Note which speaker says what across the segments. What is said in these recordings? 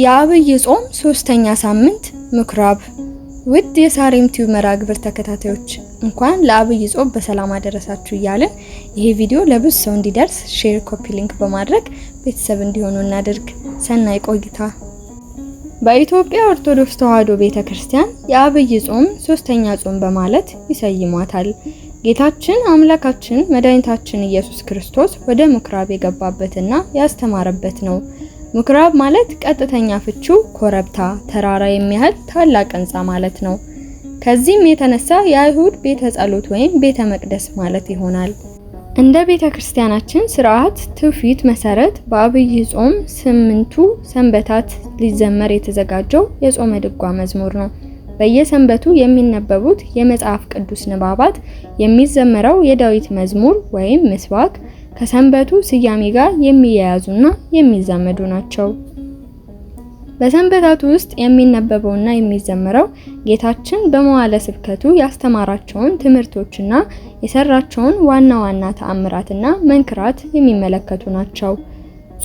Speaker 1: የአብይ ጾም ሶስተኛ ሳምንት ምኩራብ። ውድ የሳሬም ቲዩብ መርሃ ግብር ተከታታዮች እንኳን ለአብይ ጾም በሰላም አደረሳችሁ እያልን ይሄ ቪዲዮ ለብዙ ሰው እንዲደርስ ሼር፣ ኮፒ ሊንክ በማድረግ ቤተሰብ እንዲሆኑ እናድርግ። ሰናይ ቆይታ። በኢትዮጵያ ኦርቶዶክስ ተዋሕዶ ቤተ ክርስቲያን የአብይ ጾም ሶስተኛ ጾም በማለት ይሰይሟታል። ጌታችን አምላካችን መድኃኒታችን ኢየሱስ ክርስቶስ ወደ ምኩራብ የገባበትና ያስተማረበት ነው። ምኩራብ ማለት ቀጥተኛ ፍቹ ኮረብታ፣ ተራራ የሚያህል ታላቅ ህንፃ ማለት ነው። ከዚህም የተነሳ የአይሁድ ቤተ ጸሎት ወይም ቤተ መቅደስ ማለት ይሆናል። እንደ ቤተ ክርስቲያናችን ስርዓት ትውፊት መሰረት በአብይ ጾም ስምንቱ ሰንበታት ሊዘመር የተዘጋጀው የጾመ ድጓ መዝሙር ነው። በየሰንበቱ የሚነበቡት የመጽሐፍ ቅዱስ ንባባት፣ የሚዘመረው የዳዊት መዝሙር ወይም ምስባክ ከሰንበቱ ስያሜ ጋር የሚያያዙና የሚዛመዱ ናቸው። በሰንበታቱ ውስጥ የሚነበበውና የሚዘመረው ጌታችን በመዋለ ስብከቱ ያስተማራቸውን ትምህርቶችና የሰራቸውን ዋና ዋና ተአምራትና መንክራት የሚመለከቱ ናቸው።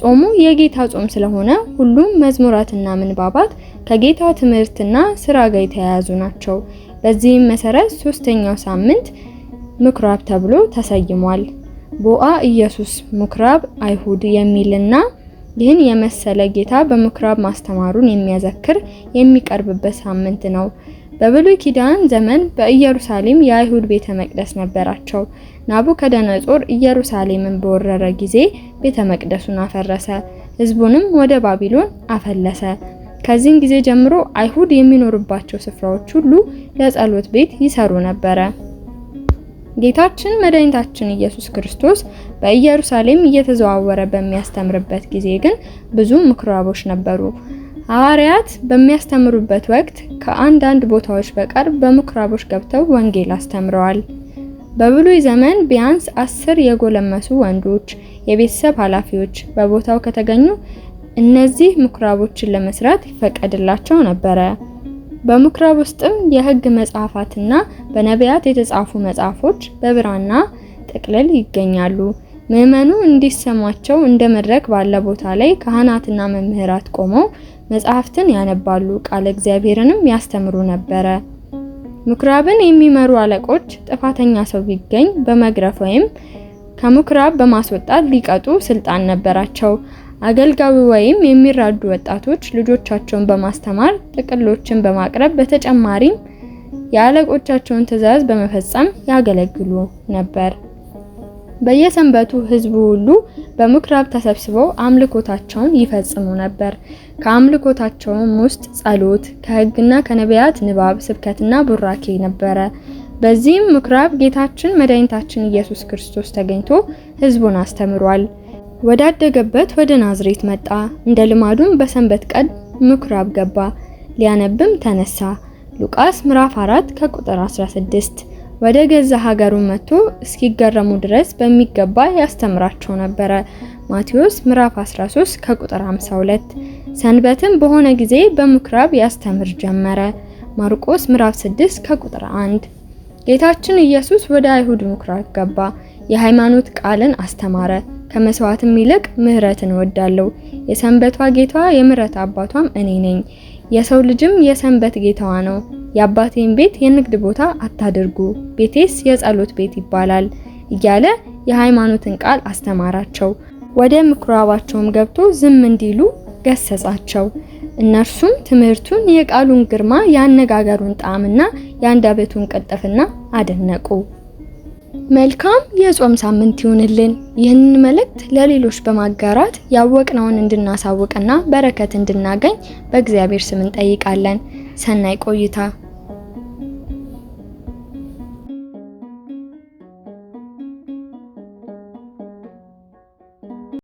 Speaker 1: ጾሙ የጌታ ጾም ስለሆነ ሁሉም መዝሙራትና ምንባባት ከጌታ ትምህርትና ስራ ጋር የተያያዙ ናቸው። በዚህም መሰረት ሶስተኛው ሳምንት ምኩራብ ተብሎ ተሰይሟል። ቦአ ኢየሱስ ምኩራብ አይሁድ የሚልና ይህን የመሰለ ጌታ በምኩራብ ማስተማሩን የሚያዘክር የሚቀርብበት ሳምንት ነው። በብሉይ ኪዳን ዘመን በኢየሩሳሌም የአይሁድ ቤተ መቅደስ ነበራቸው። ናቡከደነጾር ኢየሩሳሌምን በወረረ ጊዜ ቤተ መቅደሱን አፈረሰ፣ ህዝቡንም ወደ ባቢሎን አፈለሰ። ከዚህን ጊዜ ጀምሮ አይሁድ የሚኖርባቸው ስፍራዎች ሁሉ ለጸሎት ቤት ይሰሩ ነበረ። ጌታችን መድኃኒታችን ኢየሱስ ክርስቶስ በኢየሩሳሌም እየተዘዋወረ በሚያስተምርበት ጊዜ ግን ብዙ ምኩራቦች ነበሩ። ሐዋርያት በሚያስተምሩበት ወቅት ከአንዳንድ ቦታዎች በቀር በምኩራቦች ገብተው ወንጌል አስተምረዋል። በብሉይ ዘመን ቢያንስ አስር የጎለመሱ ወንዶች የቤተሰብ ኃላፊዎች በቦታው ከተገኙ እነዚህ ምኩራቦችን ለመስራት ይፈቀድላቸው ነበረ። በምኩራብ ውስጥም የህግ መጽሐፋትና በነቢያት የተጻፉ መጽሐፎች በብራና ጥቅልል ይገኛሉ። ምዕመኑ እንዲሰማቸው እንደ መድረክ ባለ ቦታ ላይ ካህናትና መምህራት ቆመው መጽሐፍትን ያነባሉ፣ ቃለ እግዚአብሔርንም ያስተምሩ ነበረ። ምኩራብን የሚመሩ አለቆች ጥፋተኛ ሰው ቢገኝ በመግረፍ ወይም ከምኩራብ በማስወጣት ሊቀጡ ስልጣን ነበራቸው። አገልጋዩ ወይም የሚራዱ ወጣቶች ልጆቻቸውን በማስተማር ጥቅሎችን በማቅረብ በተጨማሪም የአለቆቻቸውን ትዕዛዝ በመፈጸም ያገለግሉ ነበር። በየሰንበቱ ህዝቡ ሁሉ በምኩራብ ተሰብስበው አምልኮታቸውን ይፈጽሙ ነበር። ከአምልኮታቸውም ውስጥ ጸሎት፣ ከህግና ከነቢያት ንባብ፣ ስብከትና ቡራኬ ነበረ። በዚህም ምኩራብ ጌታችን መድኃኒታችን ኢየሱስ ክርስቶስ ተገኝቶ ህዝቡን አስተምሯል። ወዳደገበት ወደ ናዝሬት መጣ። እንደ ልማዱም በሰንበት ቀን ምኩራብ ገባ፣ ሊያነብም ተነሳ። ሉቃስ ምዕራፍ 4 ከቁጥር 16 ወደ ገዛ ሀገሩ መጥቶ እስኪገረሙ ድረስ በሚገባ ያስተምራቸው ነበረ። ማቴዎስ ምዕራፍ 13 ከቁጥር 52። ሰንበትም በሆነ ጊዜ በምኩራብ ያስተምር ጀመረ። ማርቆስ ምዕራፍ 6 ከቁጥር 1። ጌታችን ኢየሱስ ወደ አይሁድ ምኩራብ ገባ፣ የሃይማኖት ቃልን አስተማረ። ከመስዋዕትም ይልቅ ምህረትን እወዳለሁ። የሰንበቷ ጌታ የምህረት አባቷም እኔ ነኝ። የሰው ልጅም የሰንበት ጌታዋ ነው። የአባቴን ቤት የንግድ ቦታ አታድርጉ፣ ቤቴስ የጸሎት ቤት ይባላል እያለ የሃይማኖትን ቃል አስተማራቸው። ወደ ምኩራባቸውም ገብቶ ዝም እንዲሉ ገሰጻቸው። እነርሱም ትምህርቱን፣ የቃሉን ግርማ፣ የአነጋገሩን ጣዕምና የአንደበቱን ቅልጥፍና አደነቁ። መልካም የጾም ሳምንት ይሁንልን። ይህንን መልእክት ለሌሎች በማጋራት ያወቅነውን እንድናሳውቅና በረከት እንድናገኝ በእግዚአብሔር ስም እንጠይቃለን። ሰናይ ቆይታ